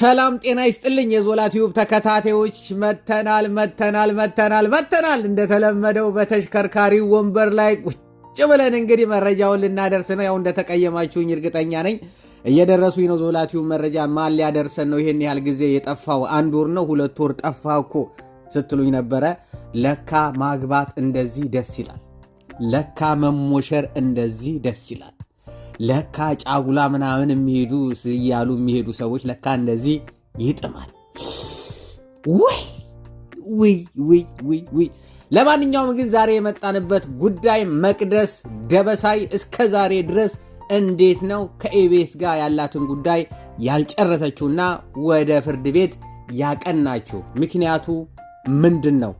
ሰላም ጤና ይስጥልኝ። የዞላ ቲዩብ ተከታታዮች መተናል መተናል መተናል መተናል። እንደተለመደው በተሽከርካሪ ወንበር ላይ ቁጭ ብለን እንግዲህ መረጃውን ልናደርስ ነው። ያው እንደተቀየማችሁኝ እርግጠኛ ነኝ። እየደረሱኝ ነው። ዞላ ቲዩብ መረጃ ማን ሊያደርሰን ነው? ይህን ያህል ጊዜ የጠፋው አንድ ወር ነው ሁለት ወር ጠፋ እኮ ስትሉኝ ነበረ። ለካ ማግባት እንደዚህ ደስ ይላል። ለካ መሞሸር እንደዚህ ደስ ይላል። ለካ ጫጉላ ምናምን የሚሄዱ እያሉ የሚሄዱ ሰዎች ለካ እንደዚህ ይጥማል። ውይ ውይ ውይ ውይ ውይ። ለማንኛውም ግን ዛሬ የመጣንበት ጉዳይ መቅደስ ደበሳይ እስከ ዛሬ ድረስ እንዴት ነው ከኢቢኤስ ጋር ያላትን ጉዳይ ያልጨረሰችውና ወደ ፍርድ ቤት ያቀናችው? ምክንያቱ ምንድን ነው?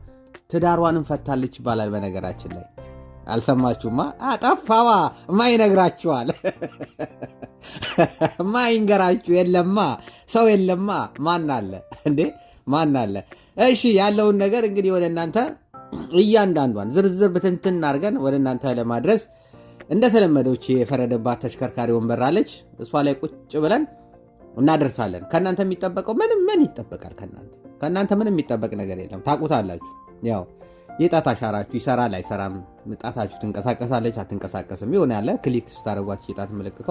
ትዳሯንም ፈታለች ይባላል በነገራችን ላይ አልሰማችሁማ? አጠፋዋ ማይነግራችኋል ማይንገራችሁ የለማ ሰው የለማ። ማን አለ እንዴ? ማን አለ? እሺ ያለውን ነገር እንግዲህ ወደ እናንተ እያንዳንዷን ዝርዝር ብትንትን አድርገን ወደ እናንተ ለማድረስ እንደተለመደች የፈረደባት ተሽከርካሪ ወንበር አለች። እሷ ላይ ቁጭ ብለን እናደርሳለን። ከእናንተ የሚጠበቀው ምንም ምን ይጠበቃል? ከእናንተ ከእናንተ ምንም የሚጠበቅ ነገር የለም። ታውቁታላችሁ ያው የጣት አሻራችሁ ይሰራል አይሰራም፣ ጣታችሁ ትንቀሳቀሳለች አትንቀሳቀስም፣ የሆነ ያለ ክሊክ ስታደረጓችሁ የጣት ምልክቷ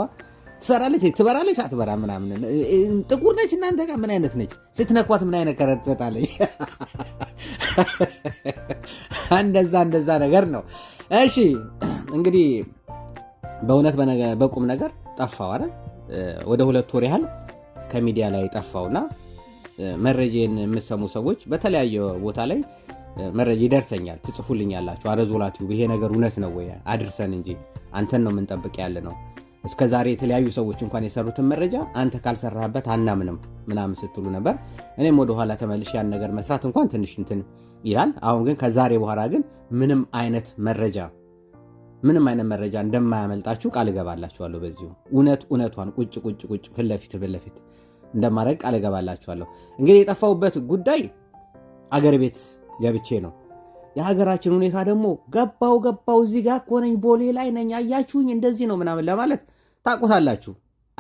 ትሰራለች ትበራለች አትበራ ምናምን። ጥቁር ነች እናንተ ጋር ምን አይነት ነች? ስትነኳት ምን አይነት ከረር ትሰጣለች? እንደዛ እንደዛ ነገር ነው። እሺ እንግዲህ በእውነት በቁም ነገር ጠፋው አይደል? ወደ ሁለት ወር ያህል ከሚዲያ ላይ ጠፋውና መረጃን የምሰሙ ሰዎች በተለያየ ቦታ ላይ መረጃ ይደርሰኛል፣ ትጽፉልኛላችሁ አረዞላችሁ ይሄ ነገር እውነት ነው ወይ አድርሰን እንጂ አንተን ነው የምንጠብቅ ያለ ነው እስከ ዛሬ የተለያዩ ሰዎች እንኳን የሰሩትን መረጃ አንተ ካልሰራህበት አናምንም ምናምን ስትሉ ነበር። እኔም ወደኋላ ተመልሽ ያን ነገር መስራት እንኳን ትንሽ እንትን ይላል። አሁን ግን ከዛሬ በኋላ ግን ምንም አይነት መረጃ ምንም አይነት መረጃ እንደማያመልጣችሁ ቃል እገባላችኋለሁ። በዚሁ እውነት እውነቷን ቁጭ ቁጭ ቁጭ ፍለፊት ፍለፊት እንደማድረግ ቃል እገባላችኋለሁ። እንግዲህ የጠፋውበት ጉዳይ አገር ቤት ገብቼ ነው። የሀገራችን ሁኔታ ደግሞ ገባው ገባው እዚህ ጋር እኮ ነኝ ቦሌ ላይ ነኝ አያችሁኝ እንደዚህ ነው ምናምን ለማለት ታቁታላችሁ።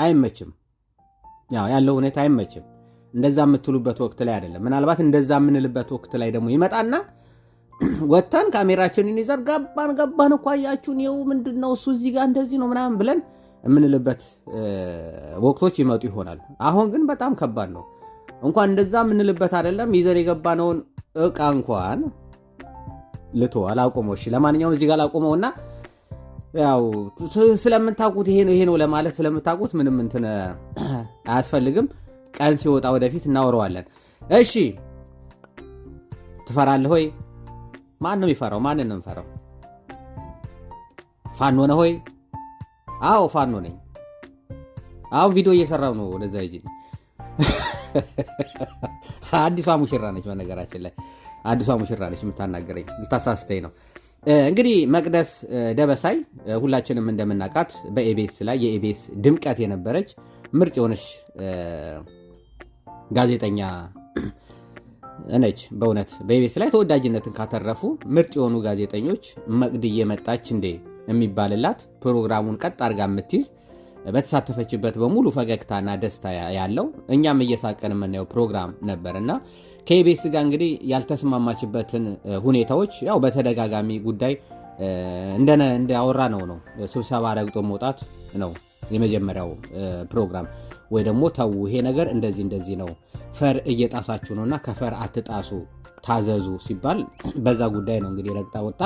አይመችም፣ ያለው ሁኔታ አይመችም። እንደዛ የምትሉበት ወቅት ላይ አይደለም። ምናልባት እንደዛ የምንልበት ወቅት ላይ ደግሞ ይመጣና ወጥተን ካሜራችንን ይዘን ገባን ገባን እኮ አያችሁን፣ ይኸው ምንድን ነው እሱ እዚህ ጋር እንደዚህ ነው ምናምን ብለን የምንልበት ወቅቶች ይመጡ ይሆናል። አሁን ግን በጣም ከባድ ነው። እንኳን እንደዛ የምንልበት አይደለም ይዘን የገባነውን እቃ እንኳን ልቶ አላቆመ እሺ ለማንኛውም እዚህ ጋር አላቆመውና ያው ስለምታውቁት ይሄ ነው ይሄ ነው ለማለት ስለምታውቁት ምንም እንትን አያስፈልግም። ቀን ሲወጣ ወደፊት እናወረዋለን። እሺ ትፈራለህ ሆይ? ማን ነው የሚፈራው? ማንን ነው የምፈራው? ፋኖ ነህ ሆይ? አዎ ፋኖ ነኝ። አሁን ቪዲዮ እየሰራው ነው ወደዛ ይጅ አዲሷ ሙሽራ ነች። በነገራችን ላይ አዲሷ ሙሽራ ነች የምታናገረኝ። ልታሳስተኝ ነው እንግዲህ መቅደስ ደበሳይ ሁላችንም እንደምናውቃት በኤቤስ ላይ የኤቤስ ድምቀት የነበረች ምርጥ የሆነች ጋዜጠኛ ነች። በእውነት በኤቤስ ላይ ተወዳጅነትን ካተረፉ ምርጥ የሆኑ ጋዜጠኞች መቅድ እየመጣች እንዴ የሚባልላት ፕሮግራሙን ቀጥ አድርጋ የምትይዝ በተሳተፈችበት በሙሉ ፈገግታና ደስታ ያለው እኛም እየሳቀን የምናየው ፕሮግራም ነበር እና ከኢቢኤስ ጋር እንግዲህ ያልተስማማችበትን ሁኔታዎች ያው በተደጋጋሚ ጉዳይ እንዳወራ ነው ነው ስብሰባ ረግጦ መውጣት ነው የመጀመሪያው ፕሮግራም ወይ ደግሞ ተዉ ይሄ ነገር እንደዚህ እንደዚህ ነው፣ ፈር እየጣሳችሁ ነው እና ከፈር አትጣሱ ታዘዙ ሲባል በዛ ጉዳይ ነው እንግዲህ ረግጣ ወጣ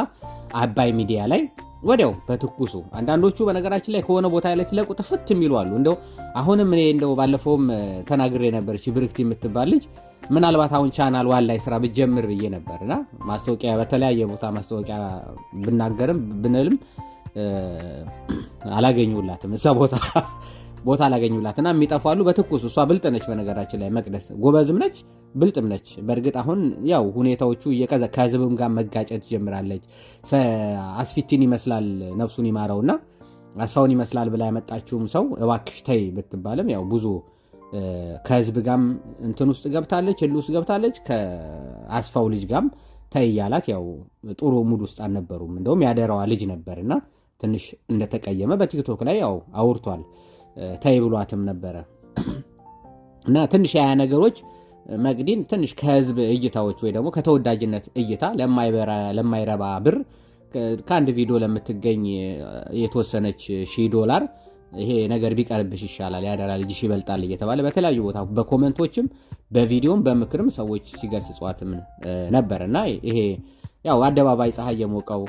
አባይ ሚዲያ ላይ ወዲያው በትኩሱ አንዳንዶቹ በነገራችን ላይ ከሆነ ቦታ ላይ ሲለቁ ጥፍት የሚሉ አሉ። እንደው አሁንም እኔ እንደው ባለፈውም ተናግሬ ነበር። ብርክት የምትባል ልጅ ምናልባት አሁን ቻናል ዋን ላይ ስራ ብጀምር ብዬ ነበር እና ማስታወቂያ በተለያየ ቦታ ማስታወቂያ ብናገርም ብንልም አላገኙላትም እዛ ቦታ ቦታ አላገኙላት እና የሚጠፋሉ በትኩስ እሷ ብልጥ ነች። በነገራችን ላይ መቅደስ ጎበዝም ነች ብልጥም ነች። በእርግጥ አሁን ያው ሁኔታዎቹ እየቀዘ ከህዝብም ጋር መጋጨት ጀምራለች። አስፊቲን ይመስላል ነፍሱን እና አስፋውን ይመስላል ብላ ያመጣችውም ሰው እባክሽ ተይ ብትባልም ያው ብዙ ከህዝብ ጋም እንትን ውስጥ ገብታለች፣ ህል ውስጥ ገብታለች። ከአስፋው ልጅ ጋም ተይ ያው ጥሩ ሙድ ውስጥ አልነበሩም። እንደውም ያደረዋ ልጅ ነበርና ትንሽ እንደተቀየመ በቲክቶክ ላይ ያው አውርቷል። ተይ ብሏትም ነበረ እና ትንሽ ያያ ነገሮች መቅዲን ትንሽ ከህዝብ እይታዎች ወይ ደግሞ ከተወዳጅነት እይታ ለማይረባ ብር ከአንድ ቪዲዮ ለምትገኝ የተወሰነች ሺ ዶላር ይሄ ነገር ቢቀርብሽ ይሻላል፣ ያደራ ልጅሽ ይበልጣል እየተባለ በተለያዩ ቦታ በኮመንቶችም በቪዲዮም በምክርም ሰዎች ሲገስጿትም ነበር እና ይሄ ያው አደባባይ ፀሐይ የሞቀው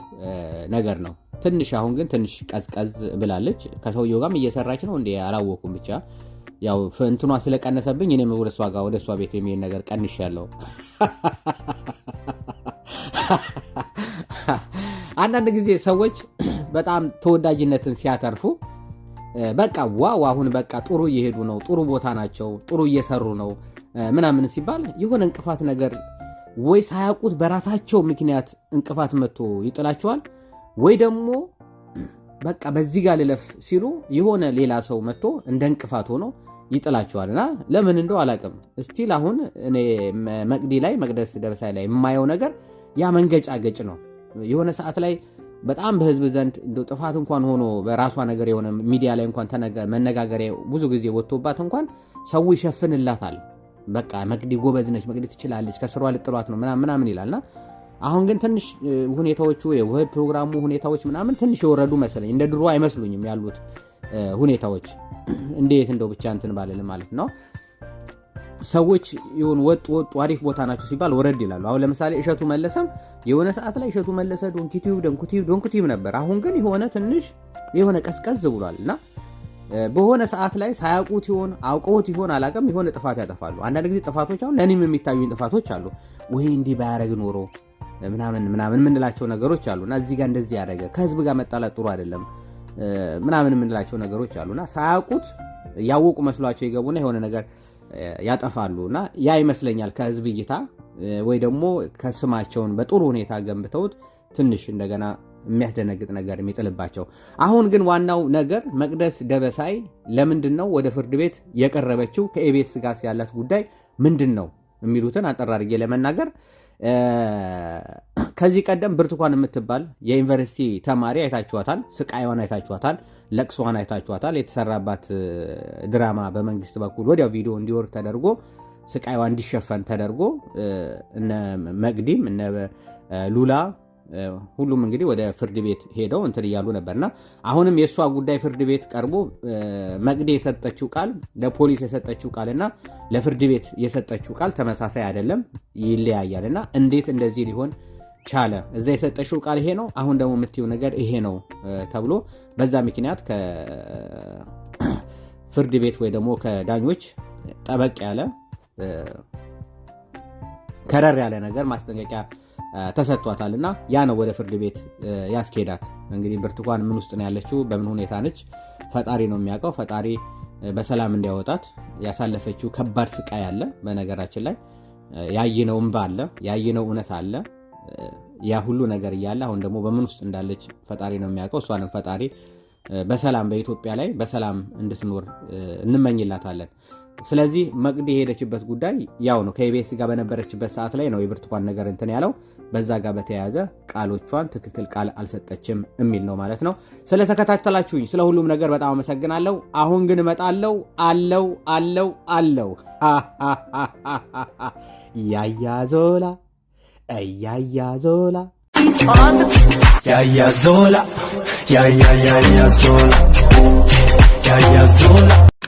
ነገር ነው። ትንሽ አሁን ግን ትንሽ ቀዝቀዝ ብላለች። ከሰውየው ጋም እየሰራች ነው እንዴ አላወኩም። ብቻ ያው እንትኗ ስለቀነሰብኝ እኔም ወደ እሷ ጋር ወደ እሷ ቤት የሚሄድ ነገር ቀንሽ ያለው አንዳንድ ጊዜ ሰዎች በጣም ተወዳጅነትን ሲያተርፉ በቃ ዋው አሁን በቃ ጥሩ እየሄዱ ነው፣ ጥሩ ቦታ ናቸው፣ ጥሩ እየሰሩ ነው ምናምን ሲባል የሆነ እንቅፋት ነገር ወይ ሳያውቁት በራሳቸው ምክንያት እንቅፋት መጥቶ ይጥላቸዋል ወይ ደግሞ በቃ በዚህ ጋር ልለፍ ሲሉ የሆነ ሌላ ሰው መጥቶ እንደ እንቅፋት ሆኖ ይጥላቸዋል እና ለምን እንደው አላውቅም። እስቲል አሁን እኔ መቅዲ ላይ መቅደስ ደበሳይ ላይ የማየው ነገር ያ ገጭ ነው። የሆነ ሰዓት ላይ በጣም በህዝብ ዘንድ እንደው ጥፋት እንኳን ሆኖ በራሷ ነገር የሆነ ሚዲያ ላይ እንኳን መነጋገሪያ ብዙ ጊዜ ወጥቶባት እንኳን ሰው ይሸፍንላታል። በቃ መቅዲ ጎበዝ ነች፣ መቅዲ ትችላለች፣ ከስሯ ልጥሏት ነው ምናምን ይላልና አሁን ግን ትንሽ ሁኔታዎቹ የውህድ ፕሮግራሙ ሁኔታዎች ምናምን ትንሽ የወረዱ መሰለኝ። እንደ ድሮ አይመስሉኝም ያሉት ሁኔታዎች እንዴት እንደው ብቻ እንትን ባለል ማለት ነው። ሰዎች ይሁን ወጡ ወጡ አሪፍ ቦታ ናቸው ሲባል ወረድ ይላሉ። አሁን ለምሳሌ እሸቱ መለሰም የሆነ ሰዓት ላይ እሸቱ መለሰ ዶንኪቲዩብ ደንኩቲዩብ ዶንኩቲዩብ ነበር። አሁን ግን የሆነ ትንሽ የሆነ ቀዝቀዝ ብሏል እና በሆነ ሰዓት ላይ ሳያውቁት ይሆን አውቀውት ይሆን አላቀም የሆነ ጥፋት ያጠፋሉ። አንዳንድ ጊዜ ጥፋቶች አሁን ለእኔም የሚታዩኝ ጥፋቶች አሉ ወይ እንዲህ ባያረግ ኖሮ ምናምን ምናምን የምንላቸው ነገሮች አሉና እዚህ ጋር እንደዚህ ያደረገ ከህዝብ ጋር መጣላት ጥሩ አይደለም ምናምን የምንላቸው ነገሮች አሉና ሳያውቁት ያወቁ መስሏቸው ይገቡና የሆነ ነገር ያጠፋሉ እና ያ ይመስለኛል ከህዝብ እይታ ወይ ደግሞ ከስማቸውን በጥሩ ሁኔታ ገንብተውት ትንሽ እንደገና የሚያስደነግጥ ነገር የሚጥልባቸው። አሁን ግን ዋናው ነገር መቅደስ ደበሳይ ለምንድን ነው ወደ ፍርድ ቤት የቀረበችው? ከኤቤስ ጋር ያላት ጉዳይ ምንድን ነው የሚሉትን አጠራርጌ ለመናገር ከዚህ ቀደም ብርቱካን የምትባል የዩኒቨርሲቲ ተማሪ አይታችኋታል። ስቃይዋን አይታችኋታል። ለቅሷን አይታችኋታል። የተሰራባት ድራማ በመንግስት በኩል ወዲያው ቪዲዮ እንዲወርድ ተደርጎ ስቃይዋ እንዲሸፈን ተደርጎ እነ መቅዲም እነ ሉላ ሁሉም እንግዲህ ወደ ፍርድ ቤት ሄደው እንትን እያሉ ነበርና አሁንም የእሷ ጉዳይ ፍርድ ቤት ቀርቦ መቅዴ የሰጠችው ቃል ለፖሊስ የሰጠችው እና ለፍርድ ቤት የሰጠችው ቃል ተመሳሳይ አይደለም፣ ይለያያል። እና እንዴት እንደዚህ ሊሆን ቻለ? እዛ የሰጠችው ቃል ይሄ ነው፣ አሁን ደግሞ የምትይው ነገር ይሄ ነው ተብሎ በዛ ምክንያት ከፍርድ ቤት ወይ ደግሞ ከዳኞች ጠበቅ ያለ ከረር ያለ ነገር ማስጠንቀቂያ ተሰጥቷታል እና ያ ነው ወደ ፍርድ ቤት ያስኬዳት። እንግዲህ ብርቱካን ምን ውስጥ ነው ያለችው? በምን ሁኔታ ነች? ፈጣሪ ነው የሚያውቀው። ፈጣሪ በሰላም እንዲያወጣት ያሳለፈችው ከባድ ስቃይ አለ። በነገራችን ላይ ያየነው እንባ አለ፣ ያየነው እውነት አለ። ያ ሁሉ ነገር እያለ አሁን ደግሞ በምን ውስጥ እንዳለች ፈጣሪ ነው የሚያውቀው። እሷንም ፈጣሪ በሰላም በኢትዮጵያ ላይ በሰላም እንድትኖር እንመኝላታለን። ስለዚህ መቅድ የሄደችበት ጉዳይ ያው ነው። ከኢቢኤስ ጋር በነበረችበት ሰዓት ላይ ነው የብርቱካን ነገር እንትን ያለው። በዛ ጋር በተያያዘ ቃሎቿን ትክክል ቃል አልሰጠችም የሚል ነው ማለት ነው። ስለተከታተላችሁኝ ስለ ሁሉም ነገር በጣም አመሰግናለሁ። አሁን ግን እመጣለው አለው አለው አለው ያያ ያያ ዞላ ያያ ዞላ